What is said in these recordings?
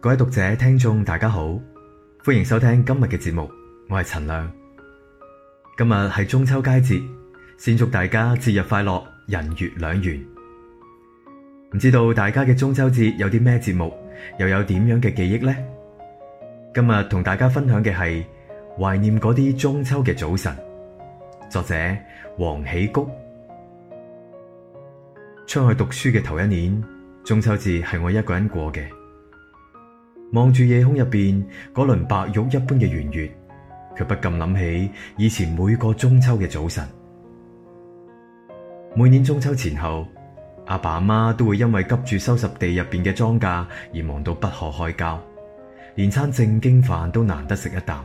各位讀者、聽眾，大家好，歡迎收聽今日嘅節目，我係陳亮。今日係中秋佳節，先祝大家節日快樂，人月兩圓。唔知道大家嘅中秋節有啲咩節目，又有點樣嘅記憶呢？今日同大家分享嘅係懷念嗰啲中秋嘅早晨。作者黃喜谷，出去讀書嘅頭一年，中秋節係我一個人過嘅。望住夜空入邊嗰輪白玉一般嘅圓月，卻不禁諗起以前每個中秋嘅早晨。每年中秋前後，阿爸阿媽都會因為急住收拾地入邊嘅莊稼而忙到不可開交，連餐正經飯都難得食一啖。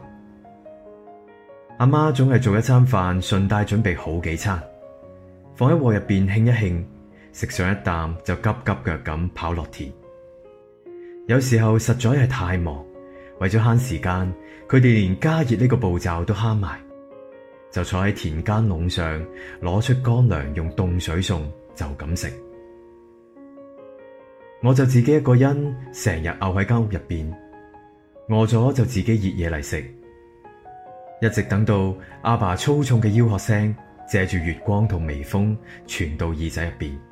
阿媽總係做一餐飯，順帶準備好幾餐，放喺鑊入邊，慶一慶，食上一啖就急急腳咁跑落田。有時候實在係太忙，為咗慳時間，佢哋連加熱呢個步驟都慳埋，就坐喺田間壟上，攞出乾糧用凍水送就咁食。我就自己一個人成日漚喺間屋入邊，餓咗就自己熱嘢嚟食，一直等到阿爸粗重嘅吆喝聲借住月光同微風傳到耳仔入邊。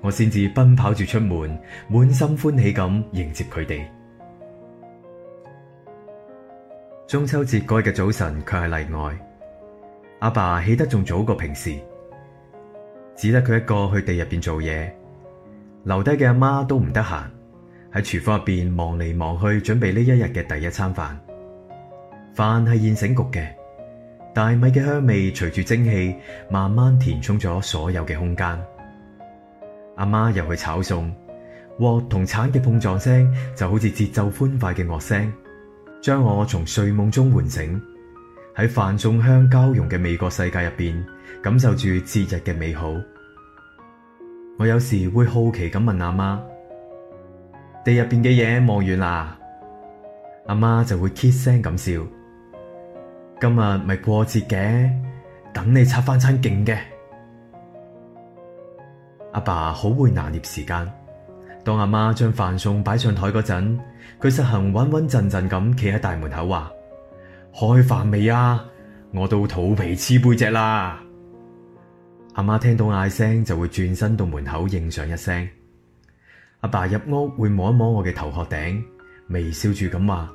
我先至奔跑住出門，滿心歡喜咁迎接佢哋。中秋節嗰日嘅早晨卻係例外，阿爸起得仲早過平時，只得佢一個去地入邊做嘢，留低嘅阿媽都唔得閒喺廚房入邊忙嚟忙去準備呢一日嘅第一餐飯。飯係現成焗嘅，大米嘅香味隨住蒸氣慢慢填充咗所有嘅空間。阿媽又去炒餸，鑊同鏟嘅碰撞聲就好似節奏歡快嘅樂聲，將我從睡夢中喚醒。喺繁重香交融嘅味覺世界入邊，感受住節日嘅美好。我有時會好奇咁問阿媽：地入邊嘅嘢望完啦？阿媽就會怯聲咁笑：今日咪過節嘅，等你拆翻餐勁嘅。阿爸好會拿捏時間，當阿媽將飯餸擺上台嗰陣，佢實行穩穩陣陣咁企喺大門口話：開飯未啊？我到肚皮黐背脊啦！阿媽聽到嗌聲就會轉身到門口應上一聲。阿爸入屋會摸一摸我嘅頭殼頂，微笑住咁話：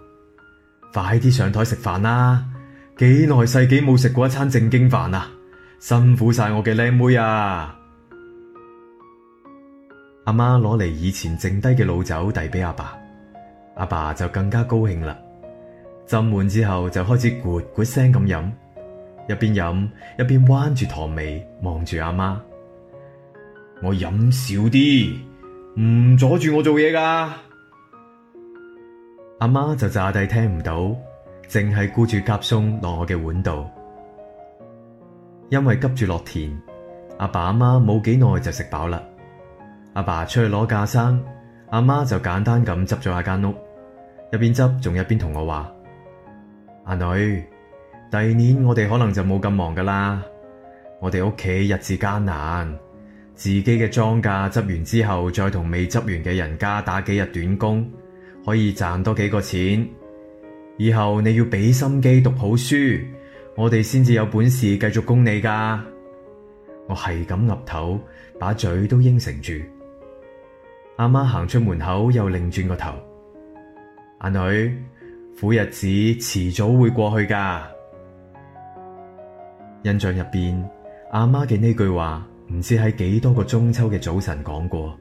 快啲上台食飯啦！幾耐世紀冇食過一餐正經飯啊！辛苦晒我嘅靚妹啊！阿媽攞嚟以前剩低嘅老酒，遞俾阿爸，阿爸，爸就更加高興啦。斟滿之後就開始咕咕聲咁飲，一邊飲一邊彎住糖味望住阿媽，媽。我飲少啲，唔阻住我做嘢㗎。阿媽，媽就詐帝聽唔到，淨係顧住夾餸落我嘅碗度。因為急住落田，阿爸阿媽冇幾耐就食飽啦。阿爸出去攞架生，阿媽就簡單咁執咗下間屋，一邊執仲一邊同我話：阿女，第二年我哋可能就冇咁忙噶啦。我哋屋企日子艱難，自己嘅莊稼執完之後，再同未執完嘅人家打幾日短工，可以賺多幾個錢。以後你要俾心機讀好書，我哋先至有本事繼續供你噶。我係咁岌頭，把嘴都應承住。阿媽行出門口，又擰轉,轉個頭。阿女，苦日子遲早會過去噶。印象入邊，阿媽嘅呢句話唔知喺幾多個中秋嘅早晨講過。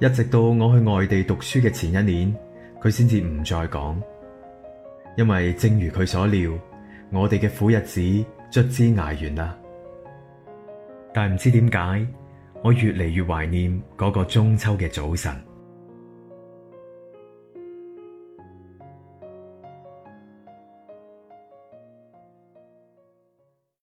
一直到我去外地讀書嘅前一年，佢先至唔再講。因為正如佢所料，我哋嘅苦日子卒之捱完啦。但係唔知點解。我越嚟越懷念嗰個中秋嘅早晨。